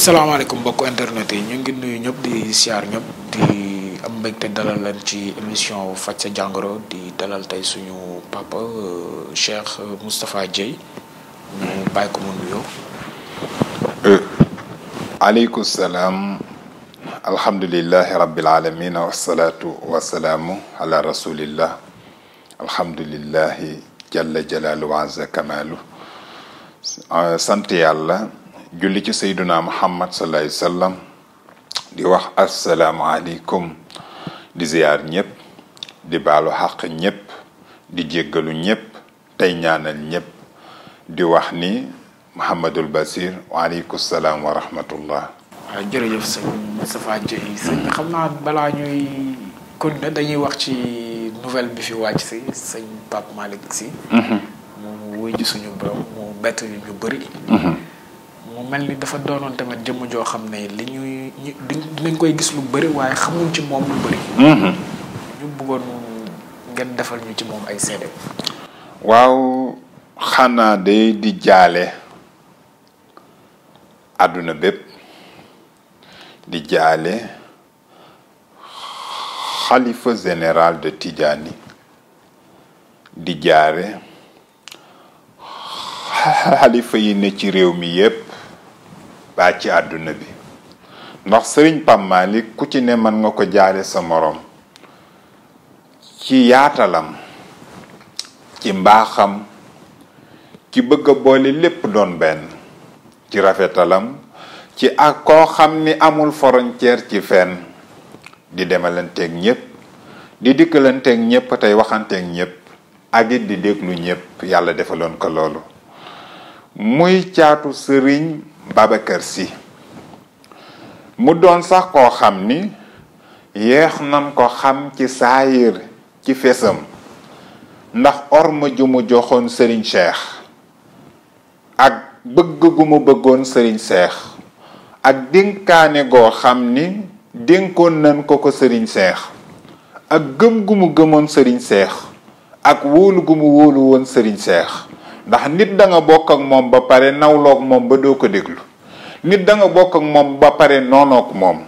السلام عليكم بكو انترنت ني نغي نوي نيوب دي سيار نيوب دي ام بكت دالال لن سي اميسيون فاتيا جانغرو دي دالال تاي سونو بابا شيخ مصطفى جاي بايكو مو نيو عليكم السلام الحمد لله رب العالمين والصلاة والسلام على رسول الله الحمد لله جل جلاله وعز كماله سنتي الله جلّي سيدنا محمد صلى الله عليه وسلم دي وح السلام عليكم دي زيار نيب دي بالو حق نيب دي جيغلو نيب تاي نيانال نيب دي وح ني محمد البصير وعليكم السلام ورحمه الله جيرجيف سي مصطفى جي سي خمنا بلا نيوي كون دا نيي واخ سي نوفل بي في واتي سي سي باب مالك سي مو وي جي سونو برام مو بيت ني بيو بري mu mel ni dafa doonoon tamit jëmm joo xam ne li ñuy dinañ koy gis lu bari waaye xamuñ ci moom lu bëri. Mm-hmm. ñu bëggoon ngeen defal ñu ci moom ay seede. waaw xanaa day di jaale àdduna bépp di jaale xalifa général de Tidjani di jaare xalifa yi ne ci réew mi yépp ba ci aduna bi ndax serigne pam malik ku ci ne man nga ko jaale sa morom ci yaatalam ci mbaxam ci bëgg boole lepp doon ben ci rafetalam ci ak ko xamni amul frontière ci fenn di ak ñepp di dikkelante ak ñepp tay waxante ak ak di deglu ñepp yalla defalon ko lolu muy ciatu serigne babakër si mu doon sax koo xam ni yeex nan ko xam ci saayir ci feesam ndax orma ju mu joxoon sëriñ Cheikh ak bëgg gu mu bëggoon sëriñ seex ak dénkaane goo xam ni dénkoon nan ko ko sëriñ Cheikh ak gëm gu mu gëmoon Serigne seex ak wóolu gu mu wóolu woon Serigne Cheikh ndax nit da nga bok ak mom ba pare nawlok mom ba do ko déglu nit da nga bok ak mom ba pare nonok mom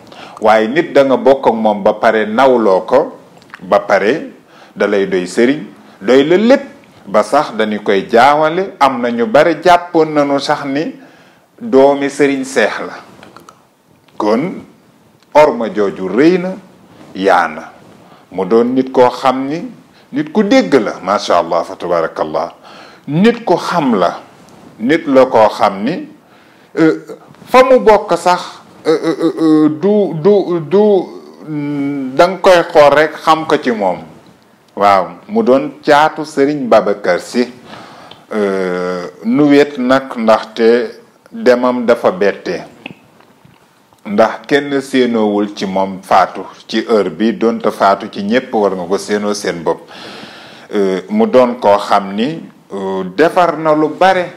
waye nit da nga bok ak mom ba pare nawloko ba paré dalay doy sëriñ doy le lepp ba sax dañu koy jaawale am ñu bare jàppoon nanu sax ni doomi sëriñ cheikh la kon orma joju reyna na mu doon nit ko xamni nit ku dégg la macha allah fa tabarakallah nit ku xam la nit la koo xam ni euh, fa mu bokk sax euh, euh, du du du danga koy xool rek xam ko ci moom waaw mu doon caatu Serigne Babacar Sy nu wet nag ndaxte demam dafa bette ndax kenn séenoowul ci moom faatu ci heure bi doonte faatu ci ñépp war nga ko seenoo seen bopp mu doon koo xam ni defar na lu bare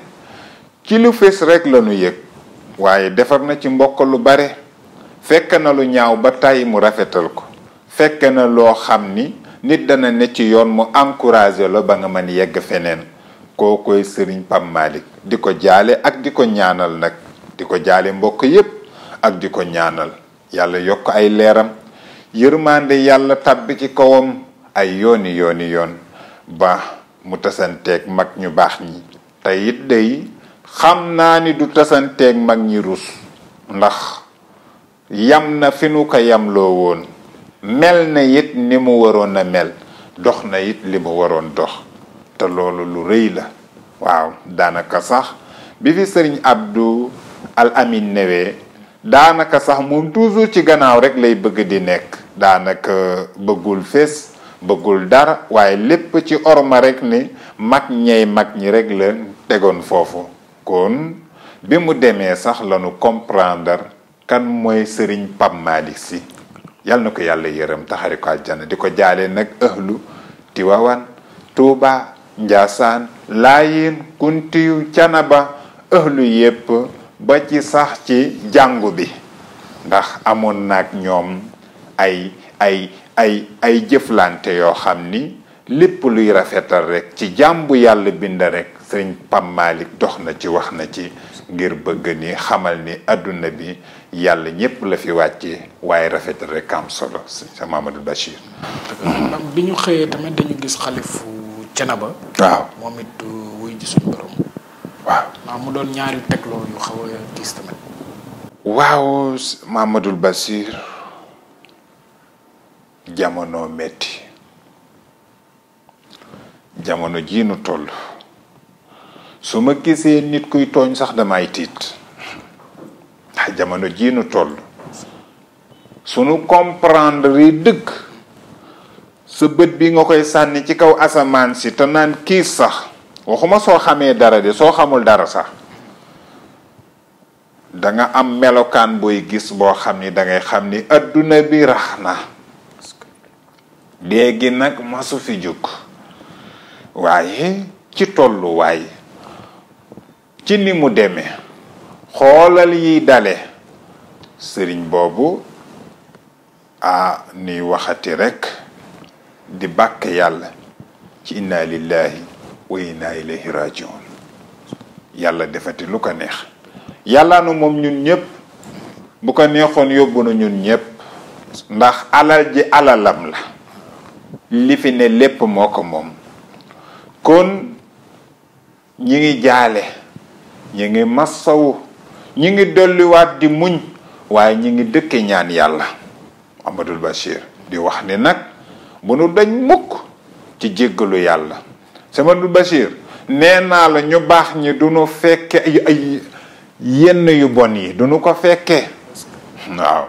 ci lu fés rek la nu yëg waaye defar na ci mbokk lu bare fekk na lu ñaaw ba tàyyi mu rafetal ko fekk na loo xam ni nit dana ne ci yoon mu encouragé la ba nga man yegg feneen koo koy sëriñ Pam Malick di ko jaale ak di ko ñaanal nag di ko jaale mbokk yépp ak di ko ñaanal yàlla yokk ay leeram yërmande yàlla tàbbi ci kawam ay yooni yooni yoon ba mu tasanteeg mag ñu baax ñi te it day xam naa ni du tasanteeg mag ñi rus ndax yam na fi nu ko yamloo woon mel na it ni mu waroon a mel dox na it li mu waroon dox te loolu lu rëy la waaw daanaka sax bi fi sëriñ Abdou al amin newee daanaka sax moom toujours ci gannaaw rek lay bëgg di nekk daanaka bëggul fees bëggul dara waaye lépp ci orma rek ni mag ñey mag ñi rek la tegoon foofu kon bi mu demee sax lañu comprendre kan mooy sëriñ Pap Malick Si yal na ko yàlla yërëm taxari ko àjjana di ko jaale nag ëhlu Tiwaawan Tuuba Njaasaan Laayin Kuntiyu Canaba ëhlu yépp ba ci sax ci jàngu bi ndax amoon nag ñoom ay ay ay ay jëflante yoo xam ni lépp luy rafetal rek ci jàmbu yàlla bind rek sëñ Pam Malick na ci wax na ci ngir bëgg ni xamal ni àdduna bi yàlla ñépp la fi wàcce waaye rafetal rek am solo sa Mamadou Bachir bi ñu xëyee tamit dañu gis xalifu Thiénaba waaw moom it uh, wuy ji suñu waaw waaw mu jamono metti jamono ji nu toll su gisee nit kuy tooñ sax damay tiit jamono ji nu toll sunu comprendre yi dëgg sa bët bi nga koy sànni ci kaw asamaan si te naan kiis sax waxuma soo xamee dara de soo xamul dara sax da nga am melokan boy gis bo xam ni da ngay xam ni bi léegi nag masu fi jóg waaye ci tolluwaay ci ni mu demee xoolal yiy dale sëriñ boobu a ni waxati rekk di bàkk yàlla ci inna lillahi wa inna ilayhi rajiun yàlla defati lu ko neex yàlla nu moom ñun ñépp bu ko neexoon yóbbu na ñun ñépp ndax alal ji alalam la li fi ne lépp moo ko moom kon ñi ngi jaale ñi ngi massawu ñi ngi dolliwaat di muñ waaye ñi ngi dëkke ñaan yàlla Amadou Bachir di wax ni nag bu nu dañ mukk ci jéggalu yàlla Amadou bashir nee naa la ñu baax ñi du nu fekke yenn yu bon yi du nu ko fekkee waaw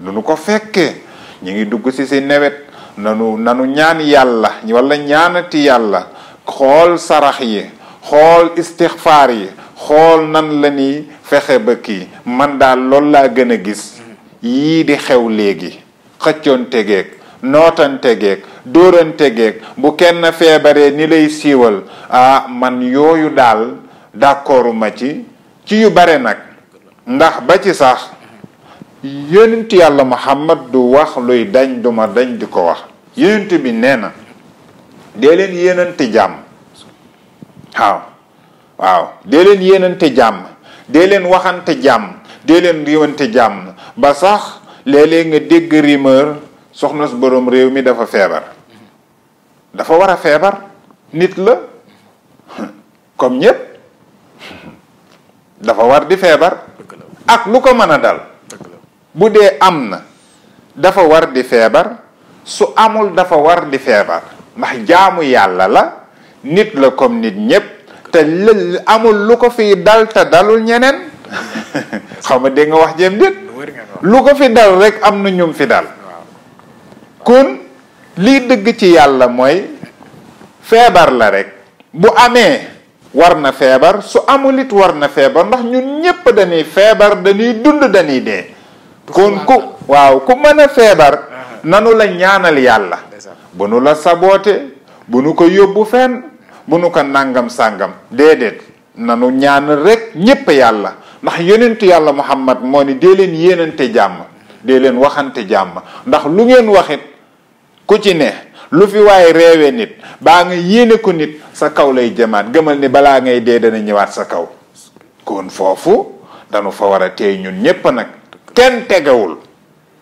du nu ko fekkee ñi ngi dugg ci si nawet nanu ñaan yàlla wala ñaanati yàlla xool sarax yi xool istixfaar yi xool nan la ñuy fexe ba kii man daal loolu laa gën a gis yii di xew léegi xëccoonte geeg nootante geeg dóorante geeg bu kenn feebaree ni lay siiwal ah man yooyu daal d'accorduma ci ci yu bare nag ndax ba ci sax yonent yàlla Muhammad du wax luy dañ duma dañ di ko wax yonent bi nee na dee leen yéenante jàmm waaw waaw dee leen yéenante jàmm dee leen waxante jàmm dee leen riwante jàmm ba sax léeg-léeg nga dégg rumeur soxna boroom réew mi dafa feebar dafa war a feebar nit la comme ñépp dafa war di feebar ak lu ko mën a dal Bude amna, dafa war di feebar su amul dafa war di feebar ndax jaamu yalla la nit la comme nit te amul lu ko fi dal ta dalul ñenen xaw de nga wax jëm dit lu ko fi dal rek am ñum fi dal kun li deug ci yalla moy la rek bu amé warna febar, su amulit warna febar, ndax ñun ñepp dañuy feebar dañuy dund dañuy dé kon ku waaw ku mën feebar uh-huh. nanu la ñaanal yàlla bu nu la saboote bu nu ko yóbbu fenn bu nu ko nàngam sàngam déedéet nanu ñaanal rek ñépp yàlla ndax yonentu yàlla muhammad moo ni dee leen yéenante jàmm dee leen waxante jàmm ndax lu ngeen waxit ku ci ne lu fi waaye reewee nit baa nga yéene ko nit sa kaw lay jëmaat gëmal ni balaa ngay dee dana ñëwaat sa kaw kon foofu danu fa war a teey ñun ñépp nag kenn tegewul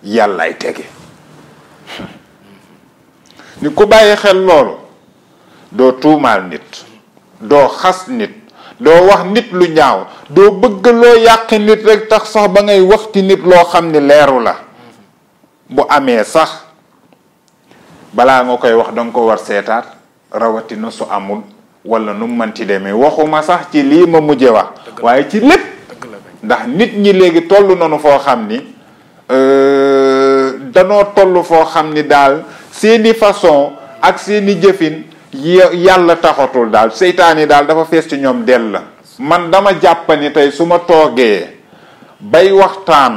yàllaay tege ni ku bàyyi xel loolu doo tuumaal nit doo xas nit doo wax nit lu ñaaw doo bëgg loo yàq nit rekk tax sax ba ngay wax ci nit loo xam ni leeru la bu amee sax balaa nga koy wax danga ko war seetaat rawatina su amul wala nu manti demee waxuma sax ci lii ma mujje wax waaye ci lépp ndax nit ñi léegi toll nañu foo xam ni euh, danoo toll foo xam ni daal seeni façon ak seeni jëfin yàlla taxatul daal seytaan yi daal dafa fees ci ñoom del la man dama jàpp ni tey su ma toogee bay waxtaan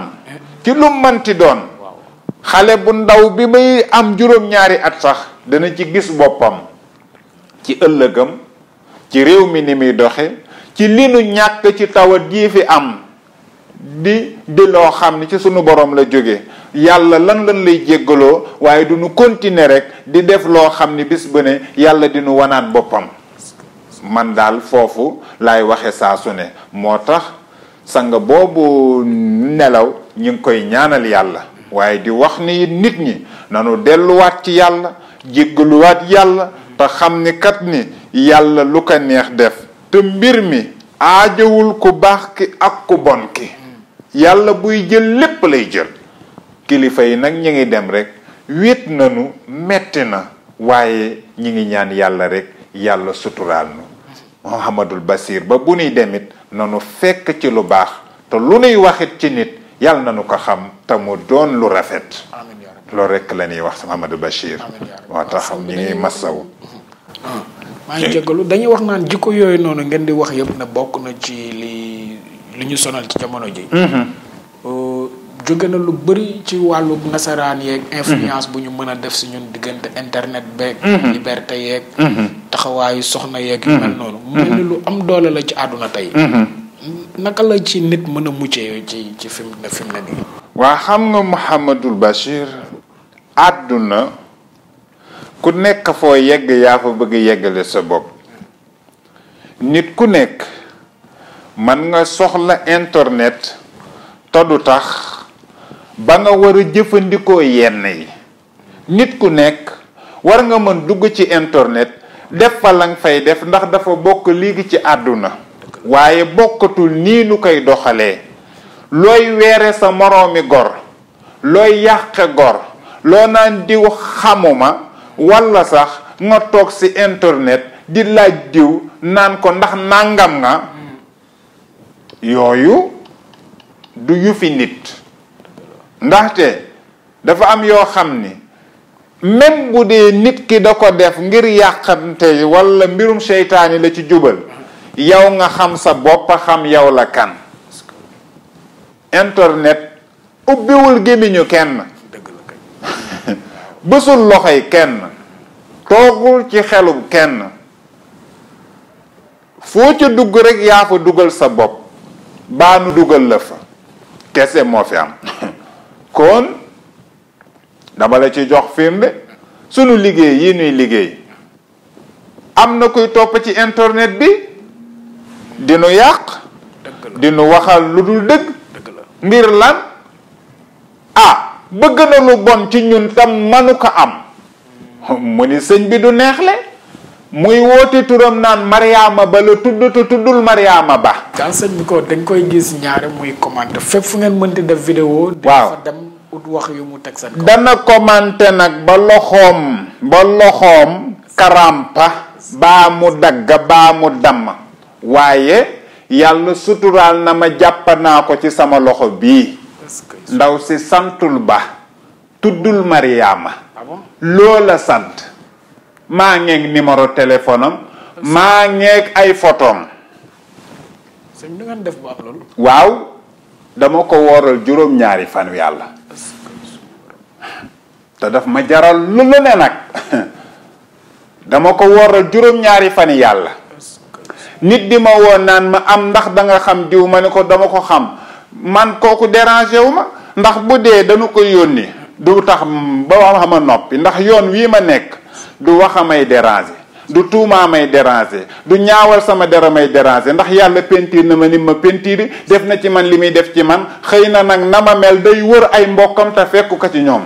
ci lu manti doon xale bu ndaw bi may am juróom-ñaari at sax dana ci gis boppam ci ëllëgam ci réew mi ni muy doxe ci li nu ñàkk ci tawat yi fi am di di loo xam ni ci sunu borom la jóge yàlla lan lan lay jéggaloo waaye du nu continuer rek di def loo xam ni bis bu ne yàlla dinu wanaat boppam man daal foofu lay waxe saa su ne moo tax sang boobu nelaw ñi ngi koy ñaanal yàlla waaye di wax ni nit ñi nanu delluwaat ci yàlla jéggaluwaat yàlla te xam ni kat ni yàlla lu ko neex def te mbir mi aajowul ku baax ki ak ku bon ki yalla buy jël lepp lay jël kilifa yi nak ñi ngi dem rek wit nanu metti na waye ñi ngi ñaan yalla rek yalla sutural nu muhammadul basir ba bu ni demit nanu fekk ci lu bax te lu ni waxit ci nit yalla nanu ko xam ta mo doon lu rafet ya lo rek la ñuy wax muhammadul Basir, ya moo tax ñi massaw ma ngi ah, jégalu dañuy wax naan jikko yoy nonu ngeen di wax yëpp na bokku na ci li li ñu sonal ci jamono ji mm-hmm. euh, jóge na lu bëri ci wàllu nasaraan yeeg influence bu ñu mën a def si ñun diggante internet beeg mm-hmm. liberté yeeg mm-hmm. taxawaayu soxna yeeg mel noonu mel ni lu am doole la ci àdduna tey naka la ci nit mën a muccee ci ci ne fi ne nii waa xam nga Mouhamadul Bachir àdduna ku nekk foo yegg yaa fa bëgg yeggale sa bopp nit ku nekk man nga soxla internet toddu tax ba nga war a jëfandikoo yenn yi nit ku nekk war nga mën dugg ci internet def fa la nga fay def ndax dafa bokk léegi ci àdduna waaye bokkatul nii nu koy doxalee looy weere sa moroomi gor looy yàqe gor loo naan diw xamuma walla sax nga toog ci internet di laaj diw naan ko ndax nàngam nga yooyu du yufi nit ndaxte dafa am yoo xam ni même bu dee nit ki da ko def ngir yàqante walla mbirum seytaani la ci jubal yow nga xam sa boppa xam yow la kan internet ubbiwul gémmiñu kenn bësul loxoy kenn toogul ci xelum kenn foo ca dugg rek yaa fa dugal sa bopp baa nu dugal la fa kese moo fi am kon dama la ci jox firnde sunu liggéey yi nuy liggéey am na kuy topp ci internet bi di nu yàq di nu waxal lu dul dëgg ngir lan a bëgg na lu bon ci ñun tam manu ko am mu ni sëñ bi du neexle muy woti turam nan mariama ba la tuddu te tuddul mariama ba dans ce micro dang koy gis ñaari muy commenté fep fu ngeen mënti def vidéo dafa dem ut wax yu mu teg seen dana commenté nak ba loxom ba loxom karampa ba mu dag ba mu dam waye yalla sutural na ma jappana ko ci sama loxo bi ndaw ci santul ba tuddul mariama ah lola sante maa ngeeg numéro téléphone am maa ngeeg ay photom sëñ da ngeen def bu ak lool waw dama ko woral juróom-ñaari yalla ta daf ma jaral lu lu ne nak dama ko woral ñaari yalla nit di ma woon nan ma am ndax da nga xam diw man ko dama ko xam man koku déranger wuma ma ndax bu dee dañu ko yoni du tax ba wax ma nopi ndax yoon wi ma nek du waxa may déranger du tuumaa may déranger du ñaawal sama dera may ndax yàlla pentiir na ma ni ma pentiir def na ci man li muy def ci man xëy na nag na ma mel day wër ay mbokkam te fekk ko ci ñoom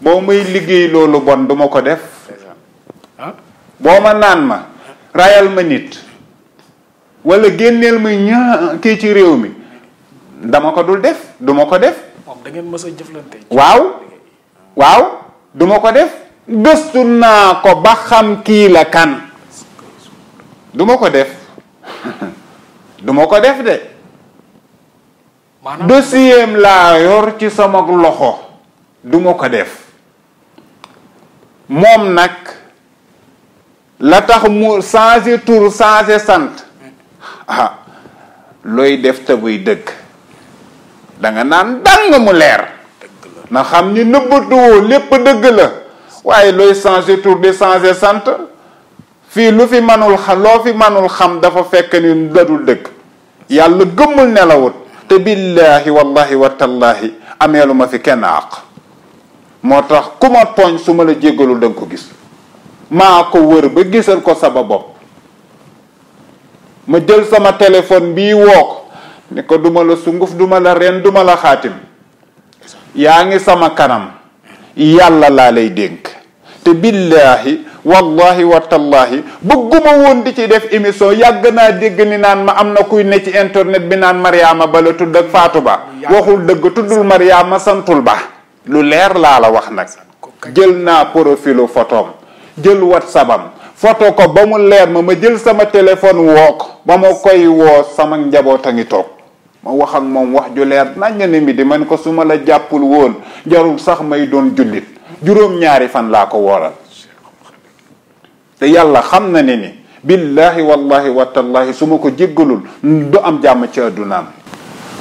boo muy liggéey loolu bon du ma ko def ah? boo ma naan ma rayal ma nit wala génneel muy ñaa kii ci réew mi dama ko dul def duma ko def da ngeen mës a jëflante waaw waaw du ko def gëstu naa ko ba xam kii la kan duma ko def duma ko def de dossier laa yor ci sama loxo duma ko def moom nag la tax mu changé tur changé sant ah looy def te buy dëgg danga naan dang mu leer na xam ni nëbbatuwoo lépp dëgg la waaye looy changer tour di changer sant fii lu fi manul xam loo fi manul xam dafa fekk ni dadul dëgg yàlla gëmmul nelawut te billaahi wallahi wa tallaahi ameelu ma fi kenn àq moo tax ku ma tooñ su la jéggalul da ko gis maa ko wër ba gisal ko sama bopp ma jël sama téléphone bii woo ko ni ko duma la sunguf duma la ren duma la xaatim yaa ngi sama kanam yàlla laa lay dénk te billaahi wallahi wa tallahi bëgguma woon di ci def émission yàgg naa dégg ni naan ma am na kuy ne ci internet bi naan Mariama Ba la tudd ak Fatou Ba waxul dëgg tuddul Mariama santul Ba lu leer laa la wax nag jël naa profilu photom jël whatsapp am photo ko ba mu leer ma ma jël sama téléphone wook ba ma koy woo sama njaboot a ngi toog ma wax ak mom wax ju leer nañ ne mi di man ko suma la jappul won jarul sax may doon julit jurom ñaari fan la ko woral te yalla xam na ne ni billahi wallahi watallahi tallahi suma ko jegalul do am jamm ci aduna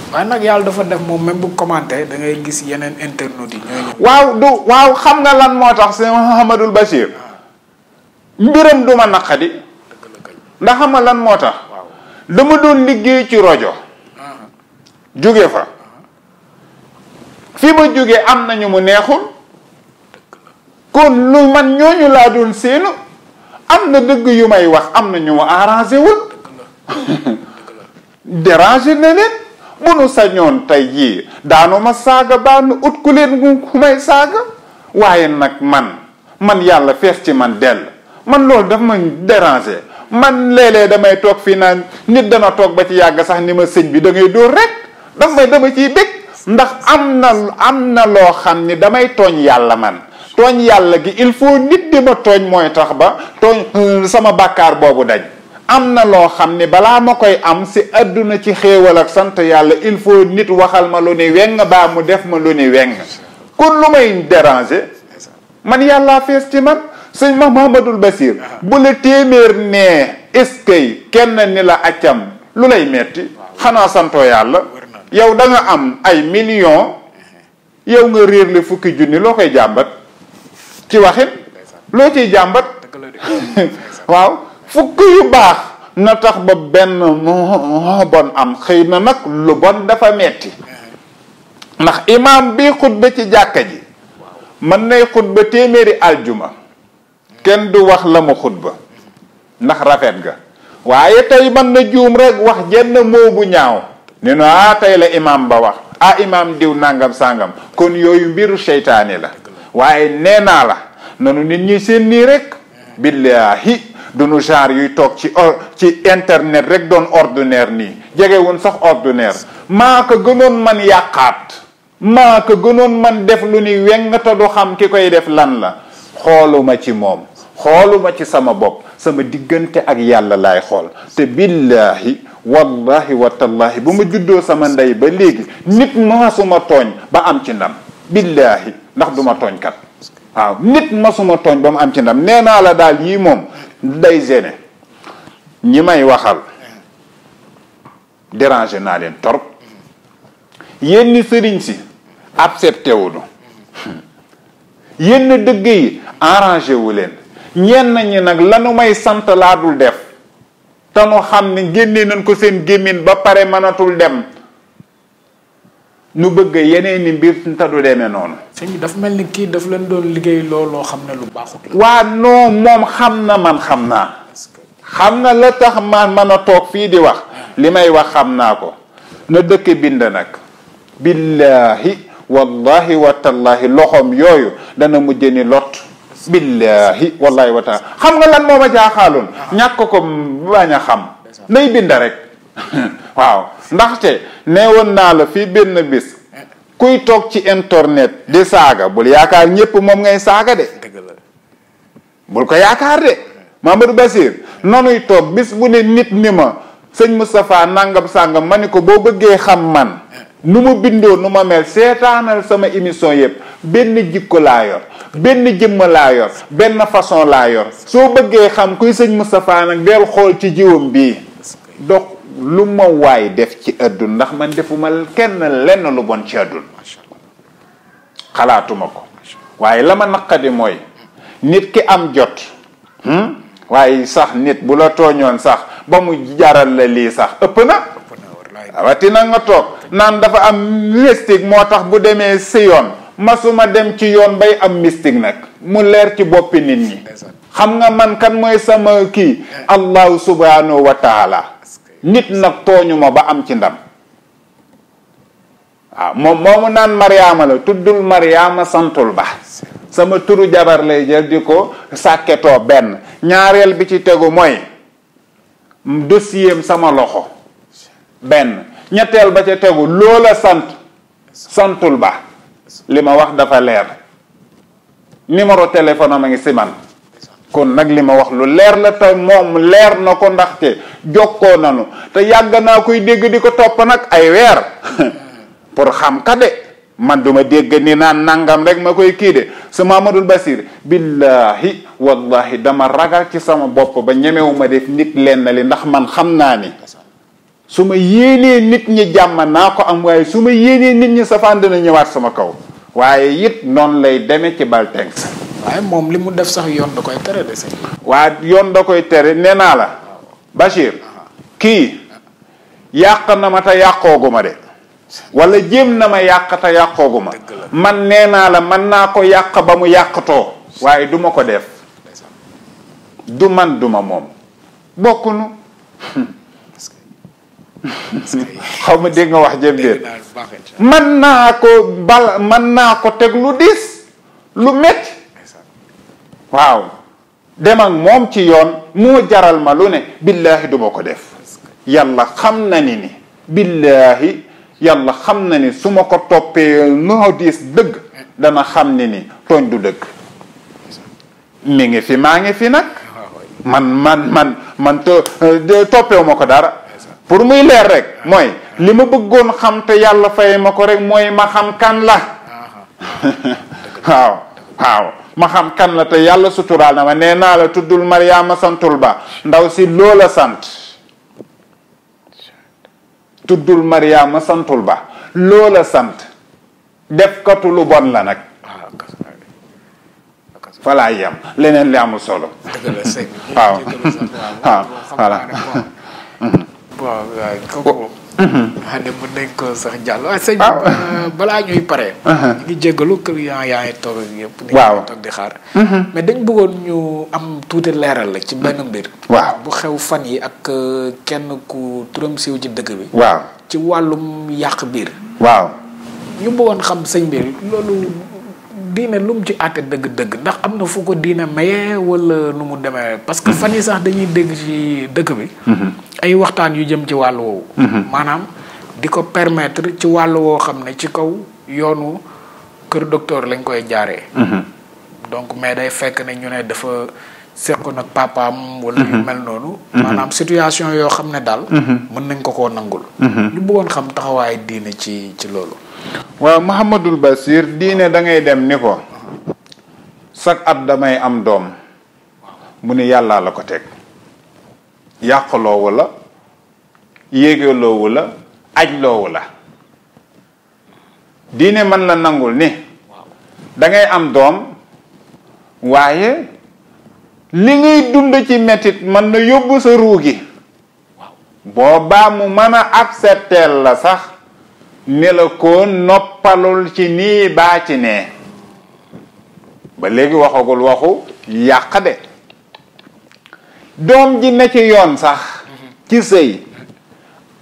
waaye nak yalla dafa def mom même bu commenter da ngay gis yenen internet yi ñooy waaw du waw xam nga lan motax c'est mohamadul bachir mbiram du ndax xam nga lan motax dama doon liggey ci rojo jóge fa fi ma jóge am nañu mu neexul kon lu man ñooñu laa doon seenu am na dëgg yu may wax am na ñu mu arrangé wul dérangé na leen bu nu sañoon tey jii daanu ma saaga baa nu ut ku leen ku saaga waaye nag man man yàlla fees ci man dell man loolu daf ma dérangé man léeg-léeg damay toog fii naa nit dana toog ba ci yàgg sax ni ma sëñ bi da ngay dóor rek daf may dama ciy bég ndax am na am na loo xam ni damay tooñ yàlla man tooñ yàlla gi il faut nit di ma tooñ mooy tax ba tooñ euh, sama bàkkaar boobu dañ am na loo xam ni balaa ma koy am si àdduna ci xéewal ak sant yàlla il faut nit waxal ma lu ni weng baa mu def ma lu ni weng kon lu may déranger man yàllaa fees ci man sëñ Mahamadul Basir bu la téeméer nee est-ce kenn ni la accam lu lay metti xanaa santoo yàlla yow danga am ay millions yow nga réer le fukki junni loo koy jàmbat ci waxin loo ciy jàmbat waaw fukk yu baax na tax ba benn moo bon am xëy na nag lu bon dafa metti ndax imaam bi xutba ci jàkka ji mën nay xutba téeméeri aljuma kenn du wax la mu xutba ndax rafet ga waaye tey mën na juum rekk wax jenn moo bu ñaaw ne no ah tey la imaam ba wax ah imam diw nangam sangam kon yooyu mbiru seytaane la waaye nee naa la nanu nit ñi seen nii rek billahi duñu genre yuy toog ci ci internet rek doon ordinaire nii jegewuñ sax ordinaire maa ko gënoon man yàqaat maa ko gënoon man def lu ni weng te xam ki koy def lan la xooluma ci moom xooluma ci sama bopp sama diggante ak yàlla laay xool te billahi wallahi watallahi bu ma juddoo sama ndey ba léegi nit maasuma tooñ ba am ci ndam billahi ndax duma kat waaw nit masuma tooñ ba mu am ci ndam nee naa la daal yii moom day gêné ñi may waxal dérangé naa leen torop yenn sëriñ si accepté wu nu yenn dëgg yi arrangé wu leen ñenn ñi nag lanu may sant laa dul def te nu xam ne génnee nañ ko seen gémmiñ ba pare mënatul dem nu bëgg yeneen i mbir te du demee noonu. sëñ bi mel ni kii daf leen doon liggéey looloo xam ne lu baaxut la. waa non moom xam na man xam naa. xam na la tax ma mën a toog fii di wax li may wax xam naa ko na dëkk bind nag. billaahi wallahi watallahi loxoom yooyu dana mujj ni lot. billahi wallahi wa taala xam nga lan moma jaaxalun ñak ko baña xam nay binda rek waaw te neewon na la fi benn bis kuy tok ci internet di saga bul yaakar ñepp mom ngay saga de bul ko yaakar de mamadou basir nonuy tok bis bu ne nit ni ma seigne mustapha nangam sangam maniko bo beugé xam man numu bindo numa mel setanal sama émission yépp benn jikko laa yor benn jëmma laa yor benn façon laa yor soo bëggee xam kuy sëñ Moustapha nag del xool ci jiwam bii dox lu ma waay def ci àddun ndax man defuma kenn lenn lu bon ci àddun xalaatuma ko waaye la ma naqadi mooy nit ki am jot hmm? waaye sax nit bu la tooñoon sax ba mu jaral la lii sax ëpp na rawatina nga toog naan dafa am mystique moo tax bu demee si yoon masuma dem ci yoon bay am mystique nag mu leer ci boppi nit ñi xam nga man kan mooy sama kii allahu subhanahu wa taala nit nag tooñu ma ba am ci ndam waaw moom moomu naan mariama la tuddul mariama santul ba sama turu jabar lay jël di ko sàkketoo benn ñaareel bi ci tegu mooy dossieram sama loxo benn ñetteel ba ca tegu loola sant santul ba li ma wax dafa leer numéro téléphone am ngi si kon nag li ma wax lu leer la te moom leer na ko ndaxte jokkoo nanu te yàgg naa koy dégg di ko topp nag ay weer pour xam ka de man duma dégg ni naan nangam rek ma koy de su mamadul basir billahi wallahi dama ragal ci sama bopp ba ñemewuma def nit lenn li ndax man xam ni su ma yéenee nit ñi jàmm naa ko am waaye su ma yéenee nit ñi safaan dina ñëwaat sama kaw waaye it noonu lay deme ci Baltengs. waaye moom li mu def sax yoon da koy tere de waa yoon da koy tere nee naa la Bachir kii yàq na ma te yàqoogu ma de wala jéem na ma yàq te yàqoogu ma man nee naa la mën naa ko yàq ba mu yàqtoo waaye duma ko def du man duma moom bokkunu xaw ma dégg nga wax jëm mën naa ko bal mën naa ko teg lu dis lu métti waaw dem ak moom ci yoon moo jaral ma lu ne billahi du ma ko def yàlla xam ni ni billahi yàlla xam na ni su ma ko toppee noo dis dëgg dana xam ni ni tooñ du dëgg mi ngi fi maa ngi fi nag man man man man to eh, toppewu ma dara pour muy leer rek mooy li ma bëggoon xam te yàlla fay ma ko rek mooy ma xam kan la waaw waaw ma xam kan la te yàlla suturaal na ma nee naa la tuddul Mariama santul ba ndaw si loola sant tuddul Mariama santul ba loola sant def katu lu bon la nag voilà yam leneen li amul solo waaw waaw voilà waaw waaw kooku. xam mhm. ah, ne mën nañ ko sax jàll. waaw sëñ ah. euh, balaa ñuy pare. Uh-huh. ñu ngi jégalu client yaa ngi toog ak yëpp. waaw toog di xaar. Mhm. mais dañ bëggoon ñu am tuuti leeral la ci benn mbir. waaw bu xew fan yi ak euh, kenn ku turam ci dëkk bi. waaw ci wàllum yàq biir. waaw ñu bëggoon xam sëñ bi loolu. diine lu ci àtte dëgg-dëgg ndax am na fu ko diine maye wala nu mu demee parce que fan yi sax dañuy dégg ci dëkk bi. Mhm. ay waxtaan yu jëm ci wàll woowu. Mhm. maanaam di ko permettre ci wàll woo xam ne ci kaw yoonu kër docteur lañ koy jaaree. Mhm. donc mais day fekk ne ñu ne dafa. seqoon ak papaam. wala yu mhm. mel noonu. Mhm. maanaam situation yoo xam ne daal. Mhm. mën nañ ko koo nangul. ñu bëggoon xam taxawaay diine ci ci loolu. waaw Mouhamadul Basir diine da ngay dem ni ko. sag at damay am doom. mu ne yàllaa la ko teg. yàqloowu la. yéegaloowu la. ajloowu la. diine man la nangul ni. dangay am doom waaye. li ngay dund ci metit mën na yóbbu sa ruugi gi boobaa mu mën a accepter la sax ne la ko noppalul ci nii baa ci ne ba léegi waxagul waxu yàq de doom ji ne ci yoon sax ci sëy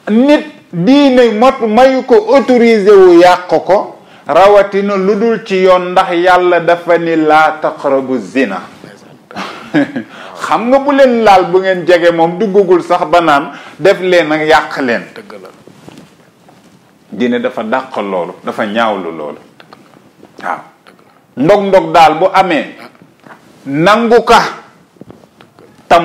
nit diine mot mayu ko autorisé wu yàq ko rawatina lu dul ci yoon ndax yàlla dafa ni laa taqrabu zina xam nga bu leen laal bu ngeen jege moom duggagul sax ba naan def leen ak yàq leen. dëgg la diine dafa dàq loolu dafa ñaawlu loolu waaw. ndog daal bu amee ah. nangu ka te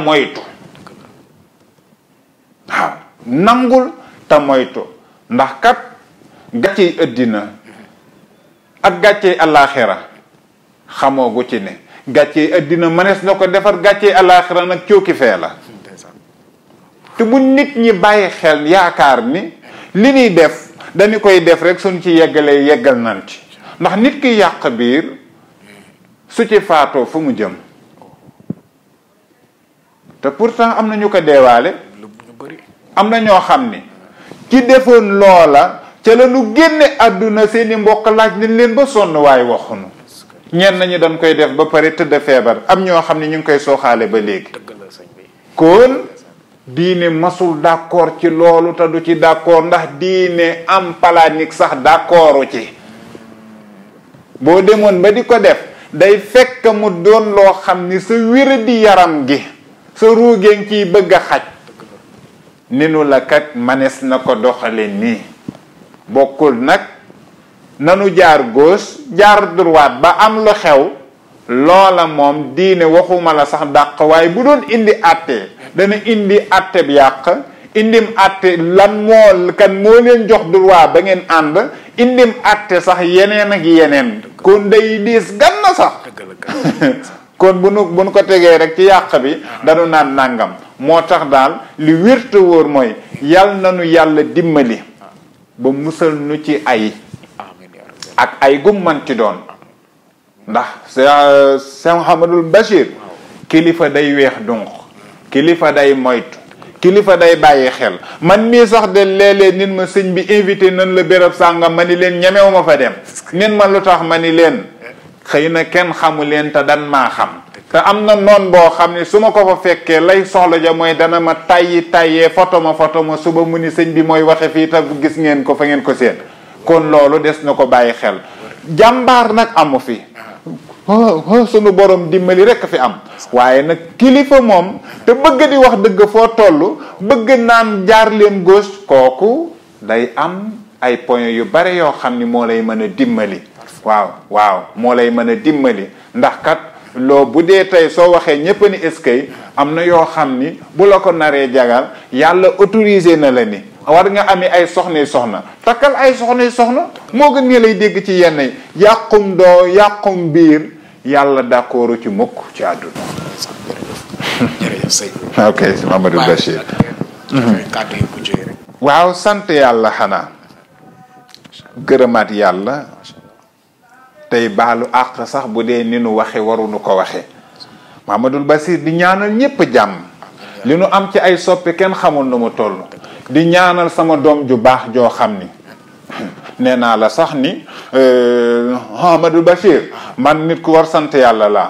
nangul te moytu ndax kat gàccey ëddina mm-hmm. ak gàccey àllaaxira xamoo gu ci ne. gàccee addina mënees na ko defar gàccee alaaxira nag cooki fee la te bu nit ñi bàyyi xel yaakaar ni li ñuy def dañu koy def rek suñ ci yeggalee yeggal nan ci ndax nit ki yàq biir su ci faatoo fu mu jëm te pourtant am na ñu ko deewaale am na ñoo xam ni ci defoon loola ca la nu génne àdduna seeni mbokk laaj nañ leen ba sonn waaye waxunu ñenn ñi dañ koy def ba pare tëdd feebar am ñoo xam ne ñu ngi koy sooxaale ba léegi kon diine masul d'accord ci loolu te du ci d'accord ndax diine am palaanik sax d'accordu ci boo demoon ba di ko def day fekk mu doon loo xam ni sa wér di yaram gi sa ruugeen ciy bëgg a xaj ninu la kat manes na ko doxale nii bokkul nag nanu jaar goos jaar droite ba am lu xew loola moom diine waxuma la sax dàq waaye bu doon indi àtte dana indi àtte bi yàq indim àtte lan moo kan moo leen jox droit ba ngeen ànd indim àtte sax yeneen ak yeneen kon day diis gan na sax kon bu nu bu nu ko tegee rek ci yàq bi ah. danu naan nàngam moo tax daal li wér wóor mooy yal na yàlla dimmali ba musal nu ci ay ak ay gum manti doon ndax Seex Muhammadul Bachir kilifa day weex dunq kilifa day moytu kilifa day bàyyi xel man mii sax de lee léeg nit ma sëñ bi invité nan la béréb sàngam ma ni leen ñemewu ma fa dem nit ma lu tax ma ni leen xëy na kenn xamu leen te dan maa xam te am na noon boo xam ne su ma ko fa fekkee lay soxla ja mooy dana ma tàyyi tàyyee foto ma foto ma suba mu ni sëñ bi mooy waxe fii te gis ngeen ko fa ngeen ko seen kon loolu des na ko bàyyi xel jàmbaar nag amu fi sunu borom dimbali rekk fi am waaye nag kilifa moom te bëgg di wax dëgg foo toll bëgg naan jaar leen góos kooku day am ay point yu bare yoo xam ni moo lay mën a dimbali waaw waaw moo lay mën a dimbali ndax kat loo bu dee tey soo waxee ñépp ni eskay am na yoo xam ni bu la ko naree jagal yàlla autorisé na la ni war nga amé ay soxné soxna takal ay soxné soxna mo gën ni lay dégg ci yenn yaqum do yaqum bir yalla d'accordu ci mukk ci aduna ok mamadou bashir waaw sante yalla xana gërëmaat yalla tay balu ak sax bu ni nu waxé waru nu ko waxé mamadou bashir di ñaanal ñepp jamm li nu am ci ay soppé kenn xamul nu mu tollu di ñaanal sama dom ju baax joo xam ni nee naa la sax ni Mohamadou euh, Bachir man nit ku war sant yàlla la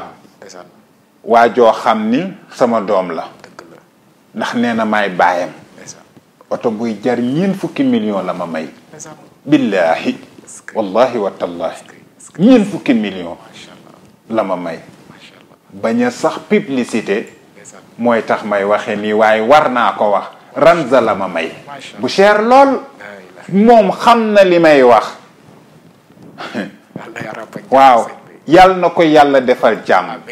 waa joo xam ni sama doom la ndax nee na maay bàyyam oto buy jar ñeen fukki million la ma may billahi wallahi wa tallahi ñeen fukki million la ma may bañ a sax publicité mooy tax may waxe nii waaye war naa ko wax ranza la ma may bu cher lool moom xam na li may wax waaw yàlla na ko yàlla defal jàmm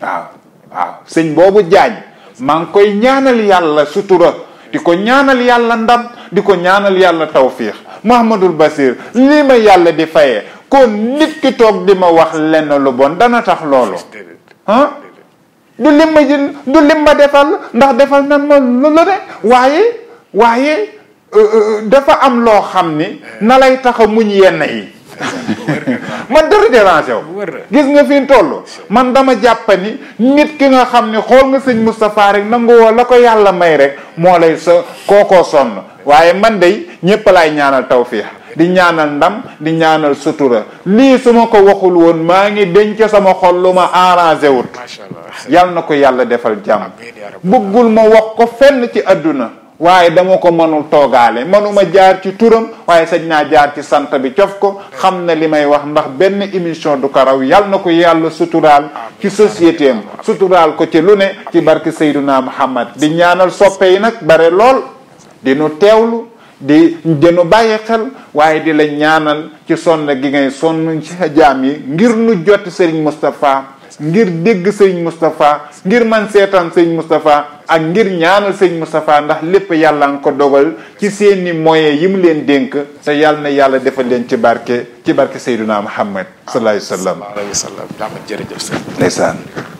waaw waaw sëñ boobu jaañ maa ngi koy ñaanal yàlla sutura di ko ñaanal yàlla ndam di ko ñaanal yàlla tawfiix Mouhamadul Basir lii ma yàlla di fayee kon nit ki toog di ma wax lenn lu bon dana tax loolu du lim ma jël du lim ma defal ndax defal na ma lu ne waaye waaye euh, euh, dafa am loo xam ni na lay tax muñ yenn yi man dara dérangé wu gis nga fi toll man dama jàpp ni nit ki nga xam ne xool nga sëñ Moustapha rek nangu woo la ko yàlla may rek moo lay sa kookoo sonn waaye man day ñépp laay ñaanal tawfiix di ñaanal ndam di ñaanal sutura lii su ma ko waxul woon maa ngi denc sama xol lu ma arrangé wut yal na ko yàlla defal jàmm bëggul ma wax ko fenn ci àdduna waaye dama ko mënul toogaale mënuma jaar ci turam waaye sañ naa jaar ci sant bi cof ko xam na li may wax ndax benn émission du ko raw yal na ko yàlla suturaal ci société am suturaal ko ci lu ne ci barke Seyduna Muhammad di ñaanal soppe yi nag bare lool di teewlu di dinu bàyyi xel waaye di la ñaanal ci sonn gi ngay sonn ci jaam yi ngir nu jot sëriñ Moustapha ngir dégg sëriñ Moustapha ngir man seetaan sëriñ Moustapha ak ngir ñaanal sëriñ Moustapha ndax lépp yàlla nga ko dogal ci seeni moyens yi mu leen dénk te yàlla na yàlla defa leen ci barke ci barke Seyduna Muhammad sallallahu alayhi wa sallam. jërëjëf sëriñ. ndeysaan.